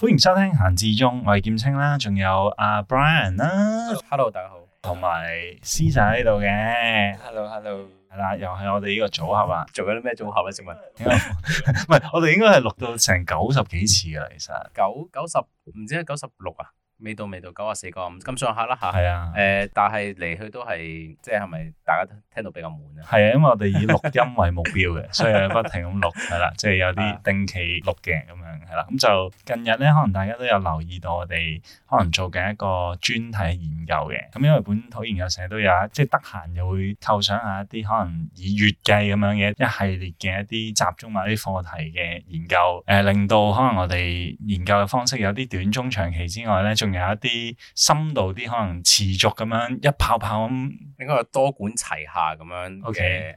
歡迎收聽閒置中，我係劍青啦，仲有阿 Brian 啦 hello，Hello 大家好，同埋斯仔喺度嘅，Hello Hello。係啦，又係我哋呢個組合，組合啊！做緊啲咩組合啊？請問該，唔係 我哋應該係錄到成九十幾次㗎喇，其實 九九十唔知道九十六啊。未到未到，九啊四個五咁上下啦吓，係啊，誒、呃，但係嚟去都係即係係咪大家都聽到比較悶啊？係啊，因為我哋以錄音為目標嘅， 所以不停咁錄，係啦、啊，即、就、係、是、有啲定期錄嘅咁樣，係啦、啊。咁、啊啊、就近日咧，可能大家都有留意到我哋可能做緊一個專題研究嘅。咁因為本土研究成日都有即係得閒就會構想一下一啲可能以月計咁樣嘅一系列嘅一啲集中埋啲課題嘅研究。誒、呃、令到可能我哋研究嘅方式有啲短中長期之外咧，仲仲有一啲深度啲，可能持續咁樣一泡泡咁，應該係多管齊下咁樣嘅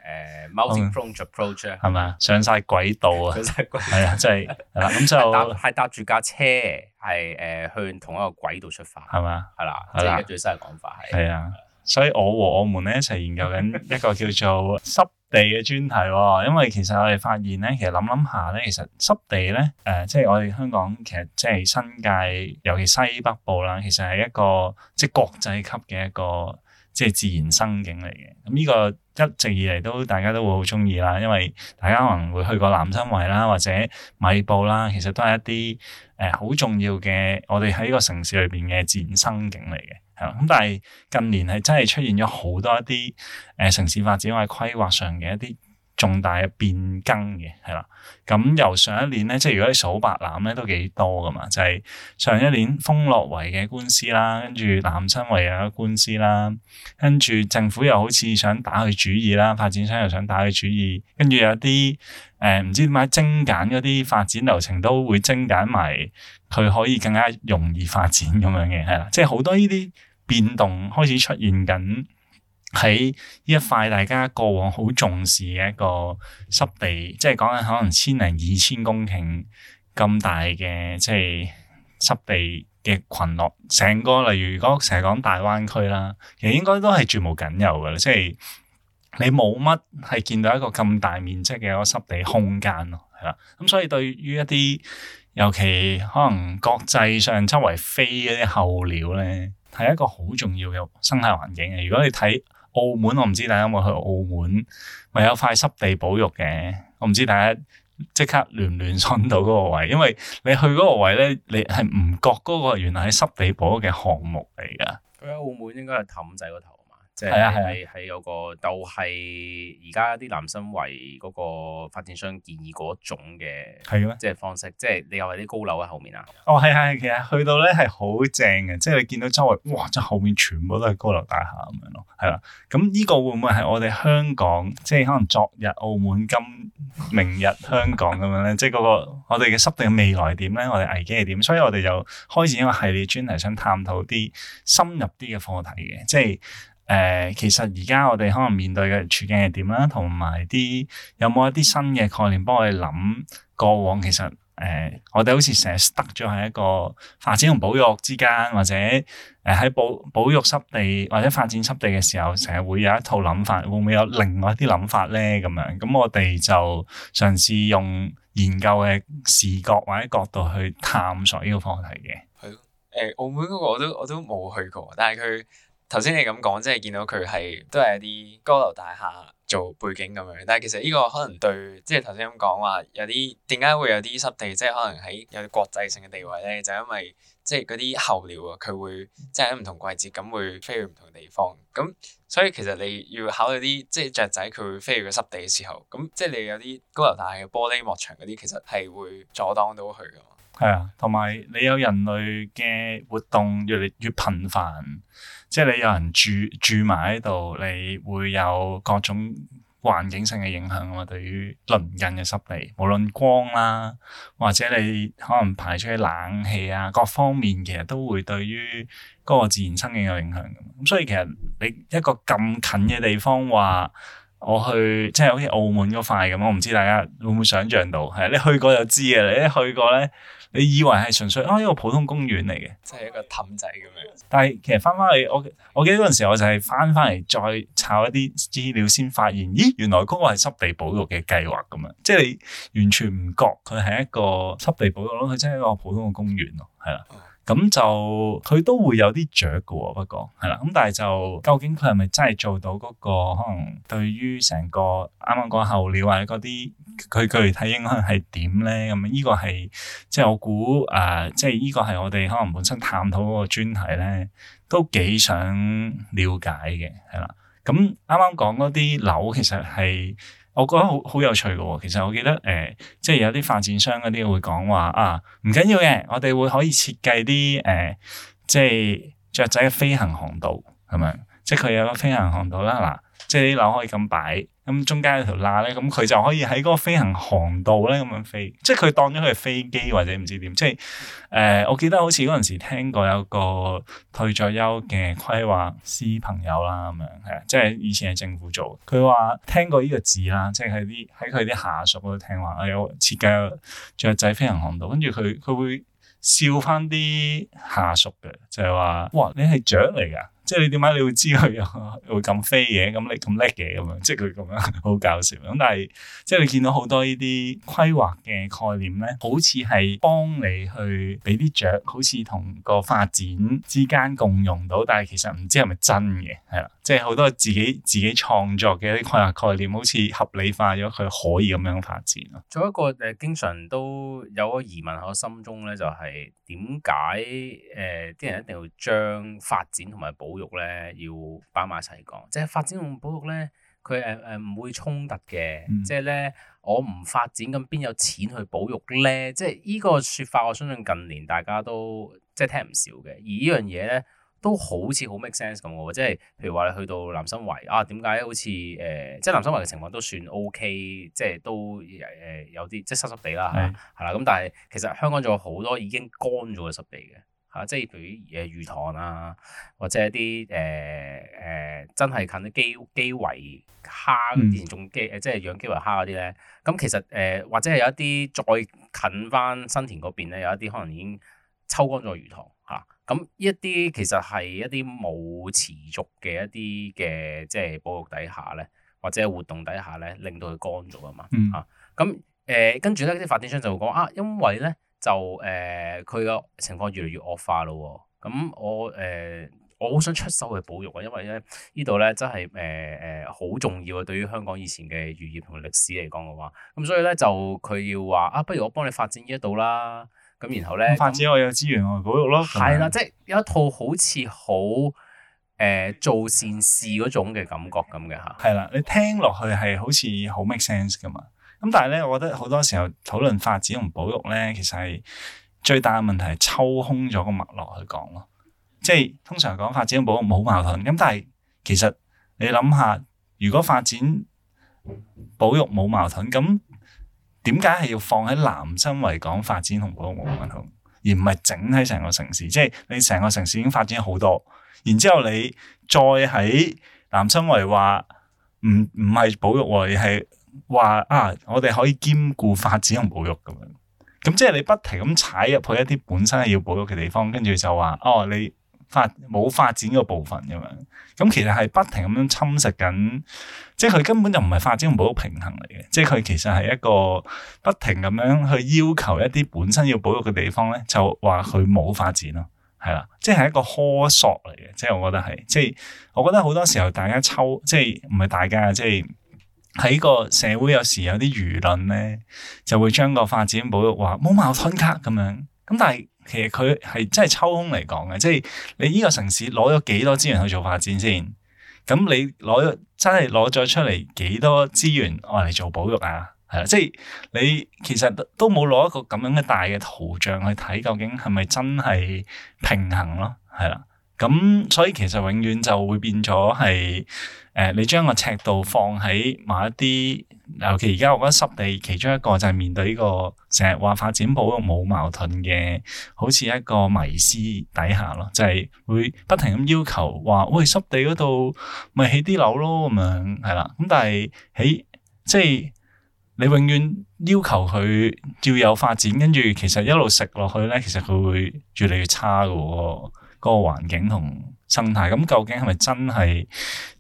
誒，multi-pronged approach 係嘛？上晒軌道啊， 上晒軌係啊，即係咁就係搭住架車，係誒向同一個軌道出發係嘛？係啦，即係最新嘅講法係。係啊吧，所以我和我們咧一齊研究緊一個叫做濕。 地嘅專題喎、哦，因為其實我哋發現咧，其實諗諗下咧，其實濕地咧，誒、呃，即係我哋香港其實即係新界，尤其西北部啦，其實係一個即係國際級嘅一個即係自然生境嚟嘅。咁、嗯、呢、這個一直以嚟都大家都會好鍾意啦，因為大家可能會去過南生圍啦，或者米埔啦，其實都係一啲誒好重要嘅，我哋喺呢個城市裏邊嘅自然生境嚟嘅。咁但係近年係真係出現咗好多一啲誒、呃、城市發展或者規劃上嘅一啲重大嘅變更嘅，係啦。咁、嗯、由上一年咧，即係如果你數白欖咧，都幾多噶嘛。就係、是、上一年豐樂圍嘅官司啦，跟住南生圍嘅官司啦，跟住政府又好似想打佢主意啦，發展商又想打佢主意，跟住有啲誒唔知點解精簡嗰啲發展流程都會精簡埋，佢可以更加容易發展咁樣嘅，係啦。即係好多呢啲。變動開始出現緊喺呢一塊大家過往好重視嘅一個濕地，即係講緊可能千零二千公頃咁大嘅即係濕地嘅群落，成個，例如如果成日講大灣區啦，其實應該都係絕無僅有㗎啦，即係你冇乜係見到一個咁大面積嘅一個濕地空間咯，係啦。咁所以對於一啲尤其可能國際上周圍飛嗰啲候鳥咧，係一個好重要嘅生態環境。如果你睇澳門，我唔知大家有冇去澳門，咪有塊濕地保育嘅。我唔知大家即刻聯唔聯想到嗰個位，因為你去嗰個位咧，你係唔覺嗰個原來係濕地保育嘅項目嚟噶。去澳門應該係氹仔個頭。係啊，係係，有個就係而家啲南生圍嗰個發展商建議嗰種嘅係咩？即係方式，即係你又係啲高樓喺後面啊。哦，係啊，係其實去到咧係好正嘅，即係你見到周圍哇，即係後面全部都係高樓大廈咁樣咯，係啦。咁呢個會唔會係我哋香港即係可能昨日澳門今明日香港咁樣咧？即係嗰個我哋嘅濕地未來點咧？我哋危機係點？所以我哋就開展一個系列專題，想探討啲深入啲嘅課題嘅，即係。誒，其實而家我哋可能面對嘅處境係點啦，同埋啲有冇一啲新嘅概念幫我哋諗？過往其實誒、呃，我哋好似成日得咗喺一個發展同保育之間，或者誒喺保保育濕地或者發展濕地嘅時候，成日會有一套諗法，會唔會有另外一啲諗法咧？咁樣咁，我哋就嘗試用研究嘅視角或者角度去探索呢個課題嘅。係咯，誒，澳門嗰個我都我都冇去過，但係佢。頭先你咁講，即係見到佢係都係一啲高樓大廈做背景咁樣，但係其實呢個可能對，即係頭先咁講話有啲點解會有啲濕地，即係可能喺有啲國際性嘅地位咧，就因為即係嗰啲候鳥啊，佢會即係喺唔同季節咁會飛去唔同地方，咁所以其實你要考慮啲即係雀仔佢會飛去個濕地嘅時候，咁即係你有啲高樓大廈嘅玻璃幕牆嗰啲，其實係會阻擋到佢㗎嘛。係啊，同埋你有人類嘅活動越嚟越頻繁，即係你有人住住埋喺度，你會有各種環境性嘅影響啊嘛。對於鄰近嘅濕地，無論光啦、啊，或者你可能排出嘅冷氣啊，各方面其實都會對於嗰個自然生境有影響。咁所以其實你一個咁近嘅地方，話我去即係好似澳門嗰塊咁，我唔知大家會唔會想像到？係你去過就知嘅，你一去過咧。你以為係純粹啊一個普通公園嚟嘅，即係一個氹仔咁樣。但係其實翻翻去我我記得嗰陣時，我就係翻翻嚟再查一啲資料先發現，咦原來嗰個係濕地保育嘅計劃咁樣。即係你完全唔覺佢係一個濕地保育咯，佢真係一個普通嘅公園咯，係啦。咁就佢都會有啲雀嘅喎，不過係啦，咁但係就究竟佢係咪真係做到嗰個可能對於成個啱啱講候鳥啊嗰啲，佢具體應該係點咧？咁呢個係即係我估誒、呃，即係呢個係我哋可能本身探討嗰個專題咧，都幾想了解嘅，係啦。咁啱啱講嗰啲樓其實係。我覺得好好有趣嘅喎、哦，其實我記得誒、呃，即係有啲發展商嗰啲會講話啊，唔緊要嘅，我哋會可以設計啲誒、呃，即係雀仔嘅飛行航道咁樣，即係佢有個飛行航道啦嗱、啊，即係啲樓可以咁擺。咁中間有條罅咧，咁佢就可以喺嗰個飛行航道咧咁樣飛，即係佢當咗佢係飛機或者唔知點，即係誒、呃、我記得好似嗰陣時聽過有個退咗休嘅規劃師朋友啦咁樣，係即係以前係政府做，佢話聽過呢個字啦，即係啲喺佢啲下屬嗰度聽話，有、哎、設計有雀仔飛行航道，跟住佢佢會笑翻啲下屬嘅，就係、是、話哇你係雀嚟噶。即係你點解你會知佢會咁飛嘅？咁你咁叻嘅咁樣，即係佢咁樣好搞笑。咁但係即係你見到好多呢啲規劃嘅概念咧，好似係幫你去俾啲雀，好似同個發展之間共用到，但係其實唔知係咪真嘅，係啦。即係好多自己自己創作嘅一啲規劃概念，好似合理化咗佢可以咁樣發展。仲有一個誒，經常都有個疑問喺我心中咧，就係點解誒啲人一定要將發展同埋保保育咧要擺埋一齊講，即係發展同保育咧，佢誒誒唔會衝突嘅。嗯、即係咧，我唔發展咁邊有錢去保育咧？即係依個説法，我相信近年大家都即係聽唔少嘅。而呢樣嘢咧，都好似好 make sense 咁喎。即係譬如話你去到南生圍啊，點解好似誒、呃？即係南生圍嘅情況都算 OK，即係都誒、呃、有啲即係濕濕地啦，係啦是的。咁但係其實香港仲有好多已經乾咗嘅濕地嘅。嚇，即係譬如誒魚塘啊，或者一啲誒誒真係近啲基基圍蝦，以前仲基誒即係養基圍蝦嗰啲咧，咁其實誒、呃、或者係有一啲再近翻新田嗰邊咧，有一啲可能已經抽乾咗魚塘嚇，咁、啊、一啲其實係一啲冇持續嘅一啲嘅即係保育底下咧，或者係活動底下咧，令到佢乾咗啊嘛嚇，咁誒、嗯啊呃、跟住咧啲發展商就會講啊，因為咧。就誒，佢、呃、個情況越嚟越惡化咯、哦。咁我誒、呃，我好想出手去保育啊，因為咧呢度咧真係誒誒好重要啊。對於香港以前嘅漁業同埋歷史嚟講嘅話，咁所以咧就佢要話啊，不如我幫你發展呢一度啦。咁然後咧，嗯、後呢發展我有資源，我保育咯。係啦，即、就、係、是、有一套好似好誒做善事嗰種嘅感覺咁嘅嚇。係啦，你聽落去係好似好 make sense 噶嘛。咁但係咧，我覺得好多時候討論發展同保育咧，其實係最大嘅問題係抽空咗個脈絡去講咯。即係通常講發展同保育冇矛盾。咁但係其實你諗下，如果發展保育冇矛盾，咁點解係要放喺南生圍講發展同保育冇矛盾，而唔係整喺成個城市？即係你成個城市已經發展好多，然之後你再喺南生圍話唔唔係保育，而係。話啊，我哋可以兼顧發展同保育咁樣，咁即係你不停咁踩入去一啲本身係要保育嘅地方，跟住就話哦，你發冇發展嘅部分咁樣，咁其實係不停咁樣侵蝕緊，即係佢根本就唔係發展同保育平衡嚟嘅，即係佢其實係一個不停咁樣去要求一啲本身要保育嘅地方咧、哦，就話佢冇發展咯，係啦，即係一個苛索嚟嘅，即係我覺得係，即係我覺得好多時候大家抽，即係唔係大家，即係。喺個社會有時有啲輿論咧，就會將個發展保育話冇矛盾格咁樣。咁但係其實佢係真係抽空嚟講嘅，即係你呢個城市攞咗幾多資源去做發展先？咁你攞咗真係攞咗出嚟幾多資源我嚟做保育啊？係啦，即係你其實都冇攞一個咁樣嘅大嘅圖像去睇，究竟係咪真係平衡咯？係啦，咁所以其實永遠就會變咗係。誒、呃，你將個尺度放喺某一啲，尤其而家我覺得濕地，其中一個就係面對呢、這個成日話發展保育冇矛盾嘅，好似一個迷思底下咯，就係、是、會不停咁要求話，喂濕地嗰度咪起啲樓咯，咁樣係啦。咁但係起，即係你永遠要求佢要有發展，跟住其實一路食落去咧，其實佢會越嚟越差嘅喎，嗰、那個那個環境同。生態，咁究竟係咪真係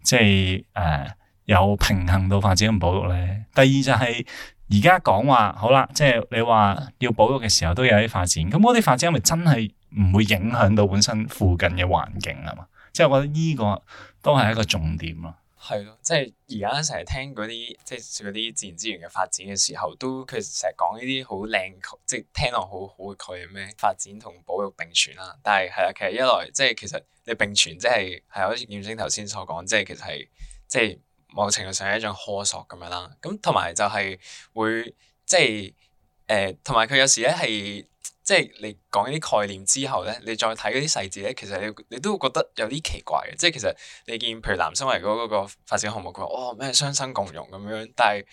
即係誒有平衡到發展同保育咧？第二就係而家講話好啦，即係你話要保育嘅時候都有啲發展，咁嗰啲發展係咪真係唔會影響到本身附近嘅環境啊？嘛，即係我覺得呢個都係一個重點咯。係咯，即係而家成日聽嗰啲即係嗰啲自然資源嘅發展嘅時候，都佢成日講呢啲好靚，即係聽落好好嘅概念咩發展同保育並存啦。但係係啊，其實一來即係其實你並存即係係好似劍星頭先所講，即係其實係即係某程度上係一種苛索咁樣啦。咁同埋就係會即係誒，同埋佢有時咧係。即係你講呢啲概念之後咧，你再睇嗰啲細節咧，其實你你都會覺得有啲奇怪嘅。即係其實你見譬如南生圍嗰個發展項目佢話，哦，咩雙生共融咁樣，但係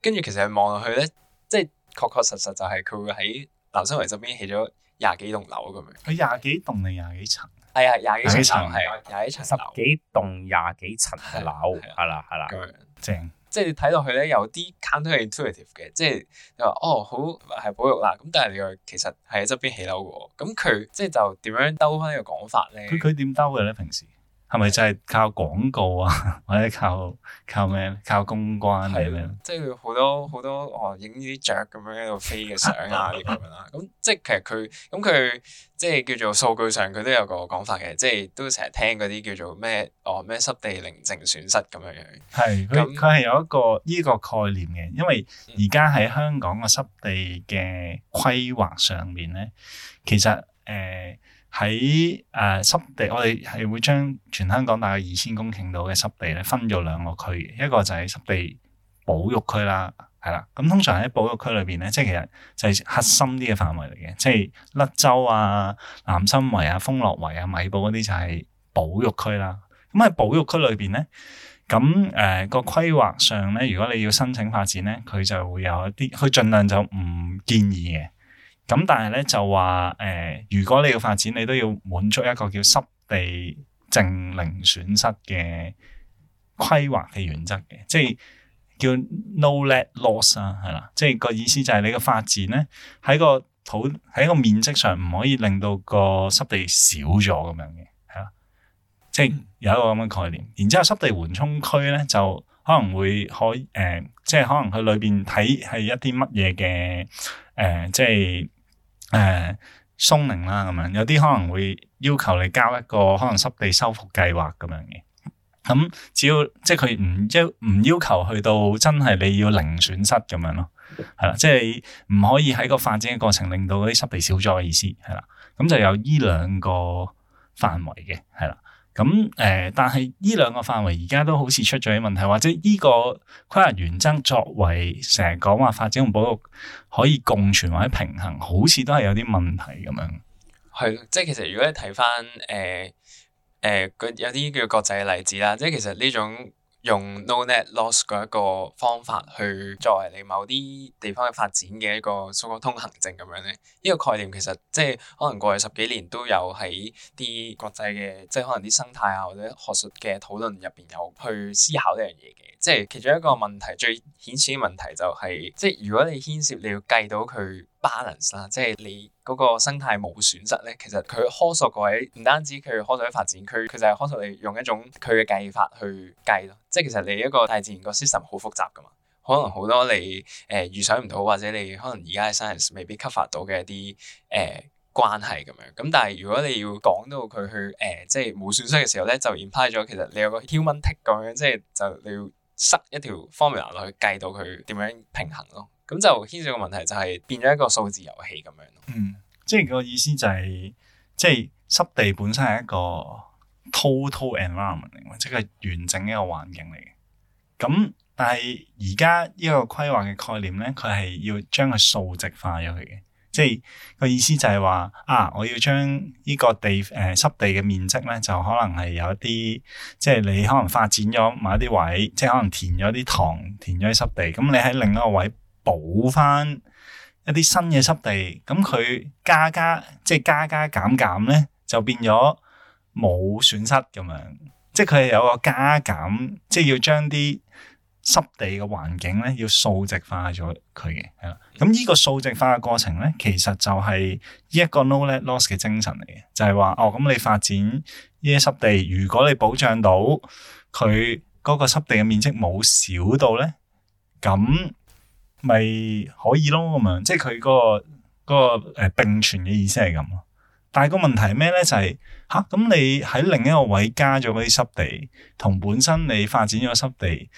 跟住其實望落去咧，即係確確實實就係佢會喺南生圍側邊起咗廿幾棟樓咁樣。佢廿幾棟定廿幾層？係啊，廿幾層係廿幾層，十幾棟廿幾層樓，係啦，係啦，正。即係你睇落去咧，有啲 counter-intuitive 嘅，即係你話哦，好係保育啦，咁但係你個其實係喺側邊起樓嘅喎，咁佢即係就點樣兜翻呢個講法咧？佢，佢點兜嘅咧？平時？係咪真係靠廣告啊？ 或者靠靠咩靠公關定咩咧？即係好多好多哦，影呢啲雀咁樣喺度飛嘅相啊，啲咁 樣啦。咁即係其實佢咁佢即係叫做數據上佢都有個講法嘅，即係都成日聽嗰啲叫做咩哦咩濕地零淨損失咁樣樣。係，佢佢係有一個呢個概念嘅，因為而家喺香港嘅濕地嘅規劃上面咧，其實誒。呃喺誒、呃、濕地，我哋係會將全香港大概二千公頃度嘅濕地咧分咗兩個區，一個就係濕地保育區啦，係啦。咁、嗯、通常喺保育區裏邊咧，即係其實就係核心啲嘅範圍嚟嘅，即係甩洲啊、南生圍啊、豐樂圍啊、米埔嗰啲就係保育區啦。咁、嗯、喺、嗯、保育區裏邊咧，咁、嗯、誒、呃、那個規劃上咧，如果你要申請發展咧，佢就會有一啲，佢盡量就唔建議嘅。咁但係咧就話誒、呃，如果你要發展，你都要滿足一個叫濕地淨零損失嘅規劃嘅原則嘅，即係叫 no net loss 啊，係啦，即係個意思就係你個發展咧喺個土喺個面積上唔可以令到個濕地少咗咁樣嘅，係啦，即係有一個咁嘅概念。然之後濕地緩衝區咧就可能會可誒、呃，即係可能去裏邊睇係一啲乜嘢嘅誒，即係。誒、呃，鬆零啦咁樣，有啲可能會要求你交一個可能濕地修復計劃咁樣嘅，咁、嗯、只要即係佢唔要唔要求去到真係你要零損失咁樣咯，係啦，即係唔可以喺個發展嘅過程令到嗰啲濕地少咗嘅意思係啦，咁就有呢兩個範圍嘅，係啦。咁誒、呃，但係呢兩個範圍而家都好似出咗啲問題，或者呢個規劃原則作為成日講話發展同保護可以共存或者平衡，好似都係有啲問題咁樣。係，即係其實如果你睇翻誒誒，有啲叫國際嘅例子啦，即係其實呢種。用 no net loss 嗰一個方法去作為你某啲地方嘅發展嘅一個速過通行證咁樣咧，呢、這個概念其實即係可能過去十幾年都有喺啲國際嘅即係可能啲生態啊或者學術嘅討論入邊有去思考呢樣嘢嘅，即係其中一個問題最顯淺嘅問題就係、是、即係如果你牽涉你要計到佢。balance 啦，即係你嗰個生態冇損失咧，其實佢科索嗰位唔單止佢科喺發展，佢佢就係科索你用一種佢嘅計法去計咯。即係其實你一個大自然個 system 好複雜噶嘛，可能好多你誒預、呃、想唔到，或者你可能而家嘅 science 未必吸 u 到嘅一啲誒、呃、關係咁樣。咁但係如果你要講到佢去誒、呃，即係冇損失嘅時候咧，就 implied 咗其實你有個 tick 咁樣，即係就你要塞一條 formula 落去計到佢點樣平衡咯。咁就牽涉個問題，就係變咗一個數字遊戲咁樣咯。嗯，即係個意思就係、是，即係濕地本身係一個 total environment，即係完整一個環境嚟嘅。咁但係而家呢個規劃嘅概念咧，佢係要將佢數值化咗佢嘅。即係個意思就係話啊，我要將呢個地誒濕、呃、地嘅面積咧，就可能係有一啲，即係你可能發展咗某一啲位，即係可能填咗啲塘，填咗啲濕地。咁你喺另一個位，補翻一啲新嘅濕地，咁佢加加即係加加減減咧，就變咗冇損失咁樣。即係佢係有個加減，即係要將啲濕地嘅環境咧，要數值化咗佢嘅。係啦，咁呢個數值化嘅過程咧，其實就係一個 no net loss 嘅精神嚟嘅，就係話哦，咁你發展呢個濕地，如果你保障到佢嗰個濕地嘅面積冇少到咧，咁。咪可以咯，咁樣即係佢、個個誒並存嘅意思係咁咯。但係個問題係咩咧？就係吓咁你喺另一個位加咗嗰啲濕地，同本身你發展咗濕地，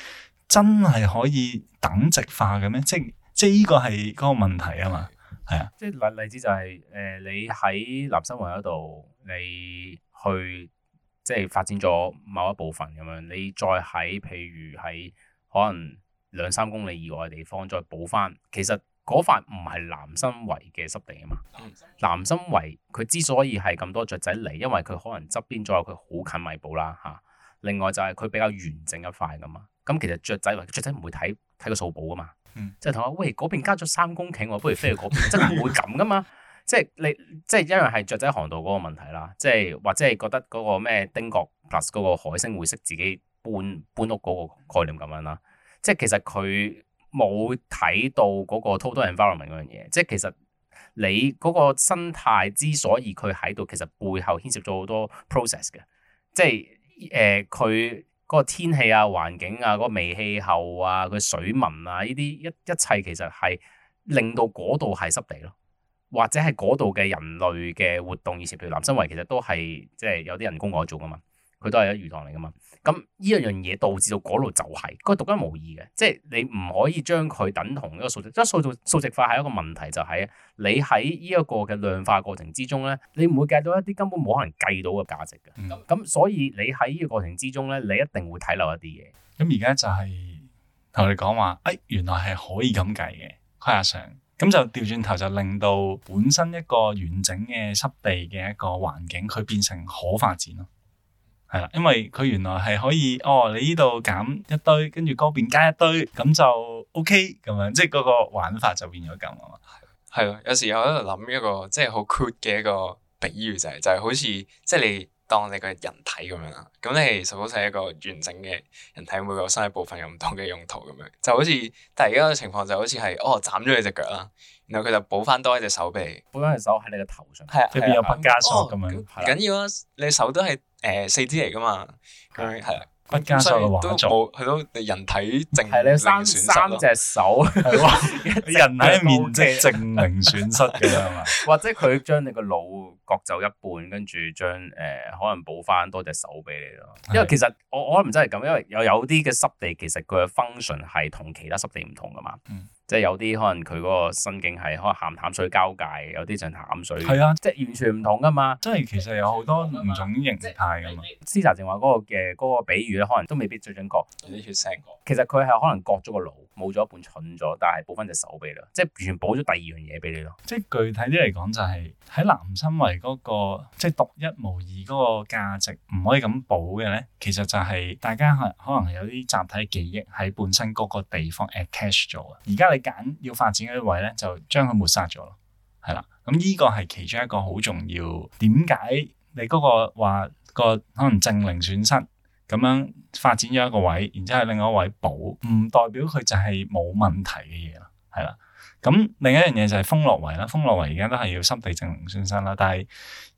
真係可以等值化嘅咩？即即係呢個係嗰個問題啊嘛，係啊。即係例例子就係、是、誒、呃，你喺南生圍嗰度，你去即係發展咗某一部分咁樣，你再喺譬如喺可能。兩三公里以外嘅地方再補翻，其實嗰塊唔係南新圍嘅濕地啊嘛。南新南圍佢之所以係咁多雀仔嚟，因為佢可能側邊左右佢好近米埔啦，吓、啊。另外就係佢比較完整一塊咁嘛。咁、啊、其實雀仔，雀仔唔會睇睇個數補噶嘛，即係同我餵嗰邊加咗三公頃，我不如飛去嗰邊，真係唔會咁噶嘛。即係你即係因樣係雀仔航道嗰個問題啦。即係或者係覺得嗰個咩丁角 p 嗰個海星會識自己搬搬屋嗰個概念咁樣啦。即係其實佢冇睇到嗰個 total environment 嗰樣嘢，即係其實你嗰個生態之所以佢喺度，其實背後牽涉咗好多 process 嘅，即係誒佢嗰個天氣啊、環境啊、嗰個微氣候啊、佢水文啊呢啲一一,一切其實係令到嗰度係濕地咯，或者係嗰度嘅人類嘅活動以前譬如南生圍其實都係即係有啲人工嘢做㗎嘛。佢都係一魚塘嚟噶嘛？咁呢一樣嘢導致到嗰度就係、是、個獨一無二嘅，即係你唔可以將佢等同一個數值，即係數數值化係一個問題，就係、是、你喺呢一個嘅量化過程之中咧，你唔會計到一啲根本冇可能計到嘅價值嘅。咁、嗯、所以你喺呢個過程之中咧，你一定會睇漏一啲嘢。咁而家就係同你講話，哎，原來係可以咁計嘅，阿常、嗯。咁、啊、就調轉頭就令到本身一個完整嘅濕地嘅一個環境，佢變成可發展咯。係啦，因為佢原來係可以哦，你呢度減一堆，跟住嗰邊加一堆，咁就 OK 咁樣，即係嗰個玩法就變咗咁啊。係咯，有時我喺度諗一個即係好 cool 嘅一個比喻就係、是，就係、是、好似即係你當你嘅人體咁樣啦，咁你實好似係一個完整嘅人體，每個身體部分有唔同嘅用途咁樣，就好似但係而家嘅情況就好似係哦斬咗你隻腳啦，然後佢就補翻多一隻手臂，補翻隻手喺你嘅頭上，變一邊有畢加索咁樣，唔緊、哦、的要啊，你手都係。誒，四肢嚟噶嘛？佢係啊，不加數嘅話，的都做，佢都的人體淨零損失，你生三三隻手， 人體面積淨零損失嘅樣嘛。 或者佢將你個腦割走一半，跟住將誒、呃、可能補翻多隻手俾你咯。的因為其實我我諗唔真係咁，因為又有啲嘅濕地其實佢嘅 function 係同其他濕地唔同噶嘛。嗯即係有啲可能佢嗰個生境係可能鹹淡水交界，有啲就淡水。係啊，即係完全唔同噶嘛。即係其實有好多唔同，同形態噶嘛。司查正話嗰個嘅嗰個比喻咧，可能都未必最準確。有啲血腥其實佢係可能割咗個腦。冇咗一半，蠢咗，但係補翻隻手臂啦，即係完全補咗第二樣嘢畀你咯。即係具體啲嚟講，就係喺南生圍嗰個即係獨一無二嗰個價值，唔可以咁補嘅咧。其實就係大家可能可能有啲集體記憶喺本身嗰個地方 attach 咗。而家你揀要發展嗰啲位咧，就將佢抹殺咗，係啦。咁呢個係其中一個好重要。點解你嗰個話個可能淨零損失？咁樣發展咗一個位，然之後另外一位補，唔代表佢就係冇問題嘅嘢啦，係啦。咁、嗯、另一樣嘢就係風落圍啦，風落圍而家都係要濕地進行更新啦。但係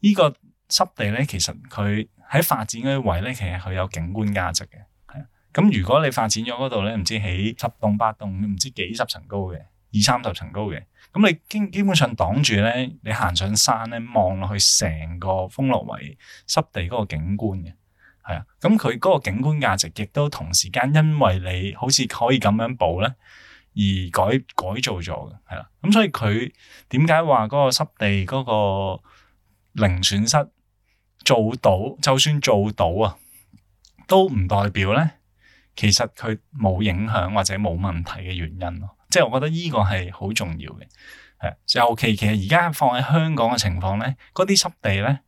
呢個濕地咧，其實佢喺發展嗰啲位咧，其實佢有景觀價值嘅。係啊，咁、嗯、如果你發展咗嗰度咧，唔知起十棟八棟，唔知幾十層高嘅，二三十層高嘅，咁、嗯、你基基本上擋住咧，你行上山咧，望落去成個風落圍濕地嗰個景觀嘅。係啊，咁佢嗰個景觀價值亦都同時間，因為你好似可以咁樣補咧，而改改造咗嘅，係啦。咁、嗯、所以佢點解話嗰個濕地嗰個零損失做到，就算做到啊，都唔代表咧，其實佢冇影響或者冇問題嘅原因咯。即係我覺得呢個係好重要嘅。係尤其其實而家放喺香港嘅情況咧，嗰啲濕地咧。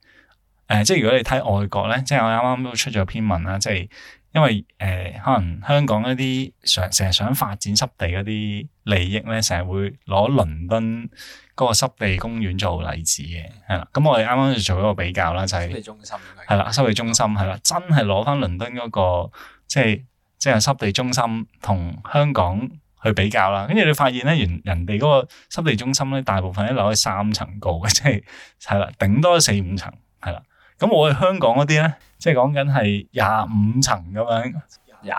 誒、呃，即係如果你睇外國咧，即係我啱啱都出咗篇文啦，即係因為誒、呃，可能香港一啲想成日想發展濕地嗰啲利益咧，成日會攞倫敦嗰個濕地公園做例子嘅，係啦、嗯。咁我哋啱啱就做咗個比較啦，就係、是、濕地中心，係啦，濕地中心係啦，真係攞翻倫敦嗰、那個，即係即係濕地中心同香港去比較啦。跟住你發現咧，人人哋嗰個濕地中心咧，大部分都攞喺三層高嘅，即係係啦，頂多四五層，係啦。咁我哋香港啲咧，即係講緊係廿五層咁樣。廿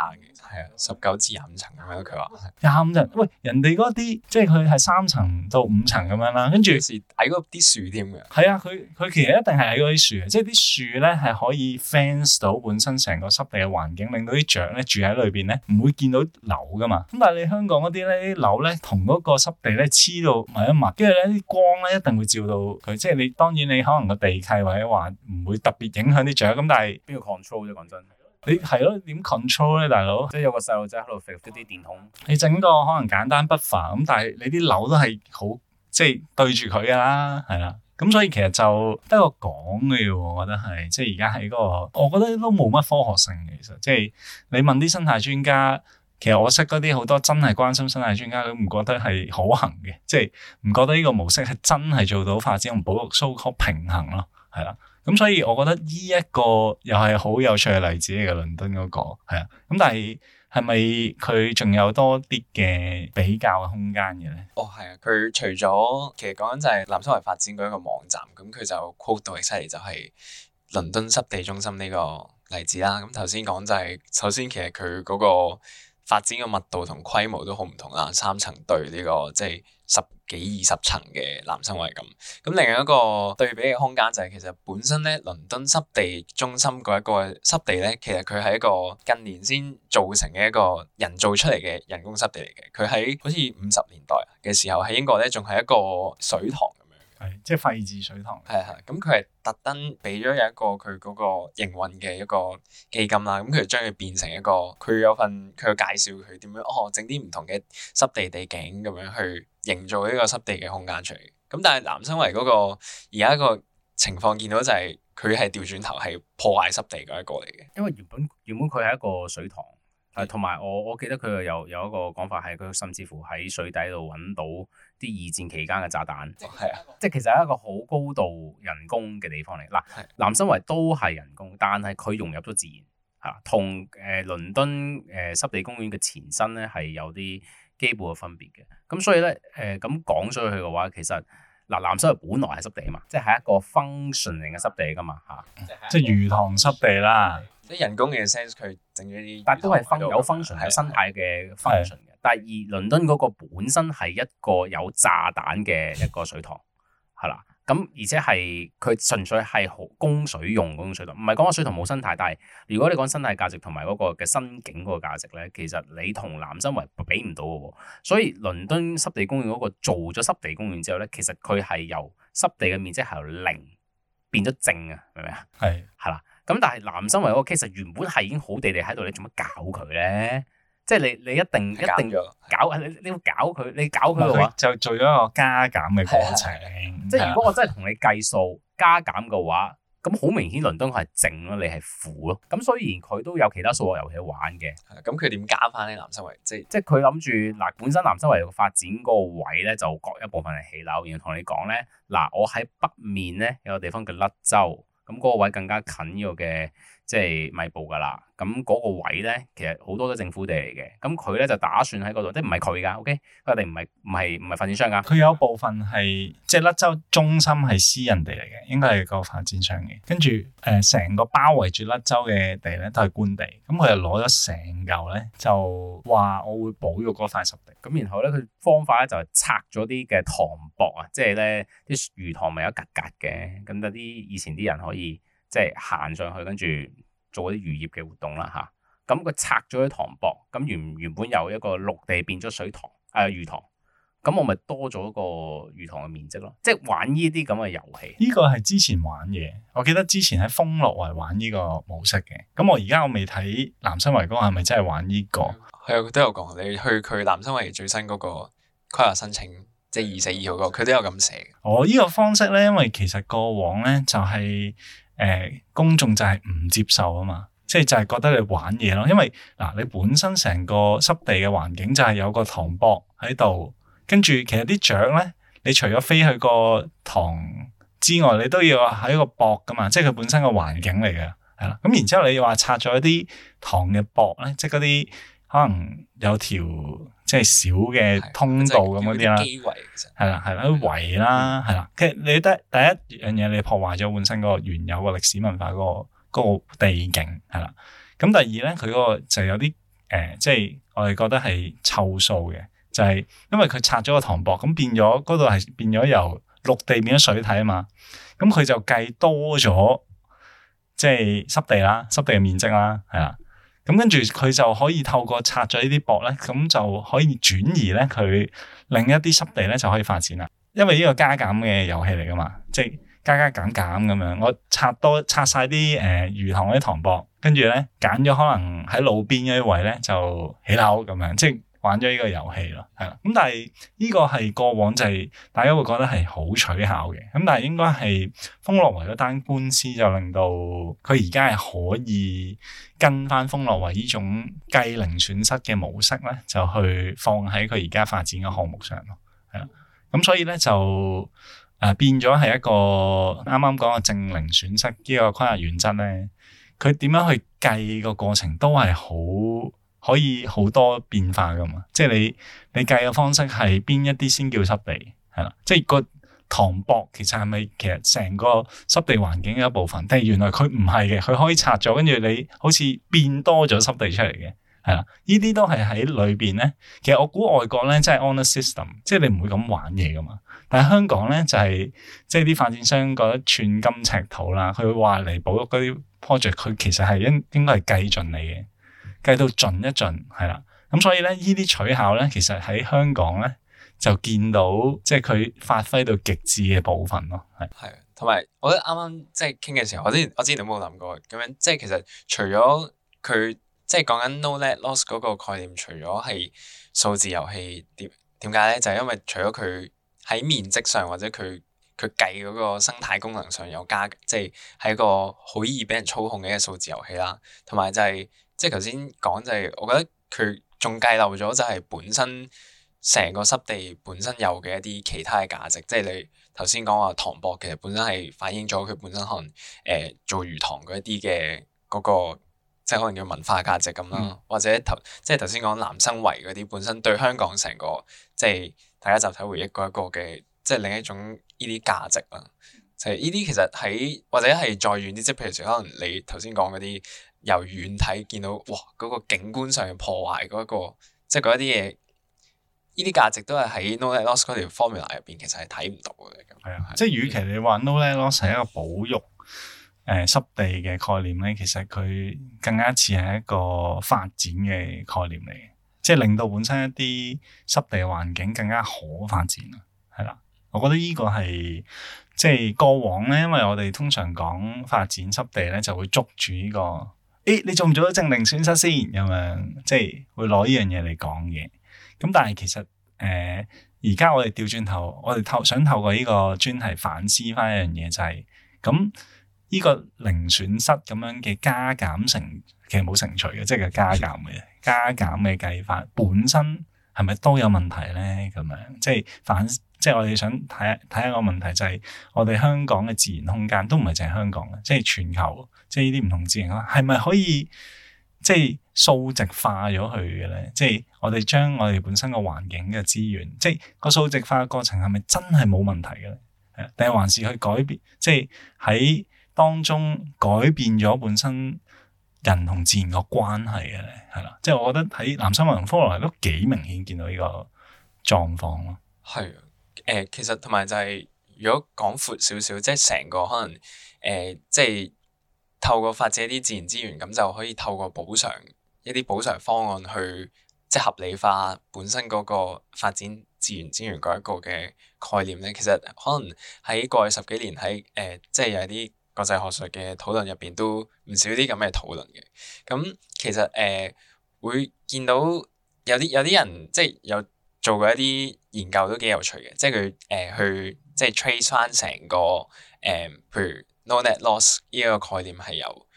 係啊，十九至廿五層咁樣，佢話廿五層。喂，人哋嗰啲即係佢係三層到五層咁樣啦，跟住係嗰啲樹添嘅。係啊，佢佢其實一定係喺嗰啲樹，即係啲樹咧係可以 fence 到本身成個濕地嘅環境，令到啲雀咧住喺裏邊咧，唔會見到樓噶嘛。咁但係你香港嗰啲咧，啲樓咧同嗰個濕地咧黐到密一密，跟住咧啲光咧一定會照到佢。即係你當然你可能個地契或者話唔會特別影響啲雀，咁但係邊個 control 啫？講真。你係咯，點 control 咧，大佬？即係有個細路仔喺度揈嗰啲電筒。你整個可能簡單不凡咁，但係你啲樓都係好，即係對住佢㗎啦，係啦。咁所以其實就得個講嘅喎，我覺得係，即係而家喺嗰個，我覺得都冇乜科學性嘅，其實即係你問啲生態專家，其實我識嗰啲好多真係關心生態專家佢唔覺得係可行嘅，即係唔覺得呢個模式係真係做到發展同保育收縮平衡咯，係啦。咁所以，我覺得呢一個又係好有趣嘅例子嚟嘅，倫敦嗰、嗰個係啊。咁但係，係咪佢仲有多啲嘅比較嘅空間嘅咧？哦，係啊，佢除咗其實講緊就係南生圍發展嗰一個網站，咁佢就 quote 到出嚟就係倫敦濕地中心呢個例子啦。咁頭先講就係、係、首先其實佢嗰個發展嘅密度同規模都好唔同啦，三層對呢、呢個即係。就係十幾二十層嘅南生圍咁，咁另外一個對比嘅空間就係其實本身咧，倫敦濕地中心嗰一個濕地咧，其實佢係一個近年先造成嘅一個人造出嚟嘅人工濕地嚟嘅。佢喺好似五十年代嘅時候喺英國咧，仲係一個水塘咁樣，係即係廢置水塘。係啊係，咁佢係特登俾咗有一個佢嗰個營運嘅一個基金啦，咁佢就將佢變成一個，佢有份佢介紹佢點樣哦，整啲唔同嘅濕地地景咁樣去。營造一個濕地嘅空間出嚟，咁但係南生圍嗰個而家個情況見到就係佢係調轉頭係破壞濕地嗰一個嚟嘅，因為原本原本佢係一個水塘，係同埋我我記得佢又有有一個講法係佢甚至乎喺水底度揾到啲二戰期間嘅炸彈，係啊，即係其實係一個好高度人工嘅地方嚟，嗱、啊、南生圍都係人工，但係佢融入咗自然嚇，同誒、呃、倫敦誒、呃、濕地公園嘅前身咧係有啲。基本嘅分別嘅，咁所以咧，誒咁講出去嘅話，其實嗱，南、呃、生圍本來係濕地啊嘛，即係一個 function 型嘅濕地噶嘛，嚇、嗯，即係魚塘濕地啦，即人工嘅 sense 佢整咗啲，但都係 f 有 function 係生態嘅 function 嘅的，但係而倫敦嗰個本身係一個有炸彈嘅一個水塘，係啦。 咁而且係佢純粹係好供水用嗰種水塘，唔係講個水塘冇生態，但係如果你講生態價值同埋嗰個嘅生境嗰個價值咧，其實你同南生圍比唔到嘅喎。所以倫敦濕地公園嗰個做咗濕地公園之後咧，其實佢係由濕地嘅面積由零變咗正啊，明唔明啊？係係啦。咁但係南生圍嗰個 case 原本係已經好地地喺度，你做乜搞佢咧？即係你你一定一定搞你你要搞佢，你搞佢嘅話就做咗一個加減嘅過程。即係如果我真係同你計數加減嘅話，咁好明顯倫敦係正咯，你係負咯。咁雖然佢都有其他數學遊戲玩嘅，咁佢點加翻呢？南生圍？即係即係佢諗住嗱，本身南生圍發展嗰個位咧，就割一部分嚟起樓。然後同你講咧，嗱、呃，我喺北面咧有個地方叫甩洲，咁、那、嗰個位更加近呢個嘅。即係米埔㗎啦。咁嗰個位咧，其實好多都政府地嚟嘅。咁佢咧就打算喺嗰度，即係唔係佢㗎，O K，佢哋唔係唔係唔係發展商㗎。佢有一部分係即係甩洲中心係私人地嚟嘅，應該係個發展商嘅。跟住誒，成、呃、個包圍住甩洲嘅地咧都係官地。咁佢就攞咗成嚿咧，就話我會保咗嗰塊濕地。咁然後咧，佢方法咧就係拆咗啲嘅塘壆啊，即係咧啲魚塘咪有格格嘅，咁有啲以前啲人可以。即係行上去，跟住做啲漁業嘅活動啦，吓，咁佢拆咗啲塘博，咁原原本有一個陸地變咗水塘，誒、啊、魚塘，咁我咪多咗個魚塘嘅面積咯，即係玩呢啲咁嘅遊戲。呢個係之前玩嘅，我記得之前喺豐樂圍玩呢個模式嘅，咁我而家我未睇南生圍嗰個係咪真係玩呢、這個？係啊，都、 嗯、有講你去佢南生圍最新嗰個規劃申請，即係二四二號嗰、那個，佢都有咁寫。我呢、哦這個方式咧，因為其實過往咧就係、是。誒、呃，公眾就係唔接受啊嘛，即係就係覺得你玩嘢咯，因為嗱、啊，你本身成個濕地嘅環境就係有個塘壆喺度，跟住其實啲雀咧，你除咗飛去個塘之外，你都要喺個壆㗎嘛，即係佢本身個環境嚟嘅，係啦。咁、嗯、然之後，你又話拆咗一啲塘嘅壆咧，即係嗰啲可能有條，即係少嘅通道咁嗰啲啦，係啦，係啦，啲圍啦，係啦。其實你第第一樣嘢，你破壞咗本身嗰個原有嘅歷史文化嗰個地景係啦。咁第二咧，佢嗰個就有啲誒，即係我哋覺得係湊數嘅，就係因為佢拆咗個塘壆，咁變咗嗰度係變咗由陸地變咗水體啊嘛。咁佢就計多咗，即係濕地啦，濕地嘅面積啦，係啦。咁跟住佢就可以透過拆咗呢啲壆咧，咁就可以轉移咧佢另一啲濕地咧就可以發展啦。因為呢個加減嘅遊戲嚟噶嘛，即係加加減減咁樣。我拆多拆晒啲誒魚塘嗰啲塘壆，跟住咧揀咗可能喺路邊嗰啲位咧就起樓咁樣，即係。玩咗呢個遊戲咯，係啦。咁但係呢個係過往就係、是、大家會覺得係好取巧嘅。咁但係應該係豐樂圍嗰單官司就令到佢而家係可以跟翻豐樂圍呢種計零損失嘅模式咧，就去放喺佢而家發展嘅項目上咯，係啦。咁所以咧就誒變咗係一個啱啱講嘅淨零損失個規呢個規劃原則咧，佢點樣去計個過程都係好。可以好多變化噶嘛，即係你你計嘅方式係邊一啲先叫濕地係啦，即係個塘泊其實係咪其實成個濕地環境嘅一部分？但定原來佢唔係嘅，佢可以拆咗，跟住你好似變多咗濕地出嚟嘅係啦。呢啲都係喺裏邊咧。其實我估外國咧即係 honest system，即係你唔會咁玩嘢噶嘛。但係香港咧就係、是、即係啲發展商覺得寸金尺土啦，佢話嚟補嗰啲 project，佢其實係應應該係計盡你嘅。計到盡一盡，係啦，咁所以咧，呢啲取巧咧，其實喺香港咧就見到，即係佢發揮到極致嘅部分咯，係係，同埋我覺得啱啱即係傾嘅時候，我之前我之前有冇諗過咁樣，即係其實除咗佢即係講緊 no net loss 嗰個概念，除咗係數字遊戲點點解咧，就係、是、因為除咗佢喺面積上或者佢佢計嗰個生態功能上有加，即係喺個好易俾人操控嘅一個數字遊戲啦，同埋就係、是。即係頭先講就係，我覺得佢仲計漏咗，就係本身成個濕地本身有嘅一啲其他嘅價值。即係你頭先講話唐博，其實本身係反映咗佢本身可能誒、呃、做魚塘嗰一啲嘅嗰個，即係可能叫文化價值咁啦。嗯、或者頭即係頭先講南生圍嗰啲，本身對香港成個即係大家集體回憶嗰一個嘅，即係另一種依啲價值啦。就係依啲其實喺或者係再遠啲，即係譬如可能你頭先講嗰啲。由遠睇見到，哇！嗰、那個景觀上嘅破壞，嗰、那個即係嗰啲嘢，呢啲價值都係喺 No Net Loss 嗰條 formula 入邊，其實係睇唔到嘅。係啊的，的即係與其你話 No Net Loss 係一個保育誒、呃、濕地嘅概念咧，其實佢更加似係一個發展嘅概念嚟嘅，即係令到本身一啲濕地環境更加好發展。係啦，我覺得呢個係即係過往咧，因為我哋通常講發展濕地咧，就會捉住呢、這個。誒、哎，你做唔做到正零損失先咁樣，即係會攞呢樣嘢嚟講嘅。咁但係其實誒，而、呃、家我哋調轉頭，我哋透想透過呢個專題反思翻一,一、就是、樣嘢就係，咁、這、呢個零損失咁樣嘅加減乘其實冇乘除嘅，即係個加減嘅加減嘅計法本身係咪都有問題咧？咁樣即係反，即係我哋想睇睇一個問題就係、是，我哋香港嘅自然空間都唔係淨係香港嘅，即係全球。即係呢啲唔同自然咯，係咪可以即係數值化咗佢嘅咧？即係我哋將我哋本身個環境嘅資源，即係個數值化嘅過程，係咪真係冇問題嘅咧？誒，定係還是去改變？即係喺當中改變咗本身人同自然個關係嘅咧？係啦，即係我覺得喺南生圍物科嚟都幾明顯見到呢個狀況咯。係誒、呃，其實同埋就係、是、如果講闊少少，即係成個可能誒、呃，即係。透過發展一啲自然資源，咁就可以透過補償一啲補償方案去即係合理化本身嗰個發展自然資源嗰一個嘅概念咧。其實可能喺過去十幾年喺誒、呃、即係有啲國際學術嘅討論入邊都唔少啲咁嘅討論嘅。咁其實誒、呃、會見到有啲有啲人即係有做過一啲研究都幾有趣嘅，即係佢誒去即係 trace 翻成個誒、呃、譬如。no net loss 呢一個概念係由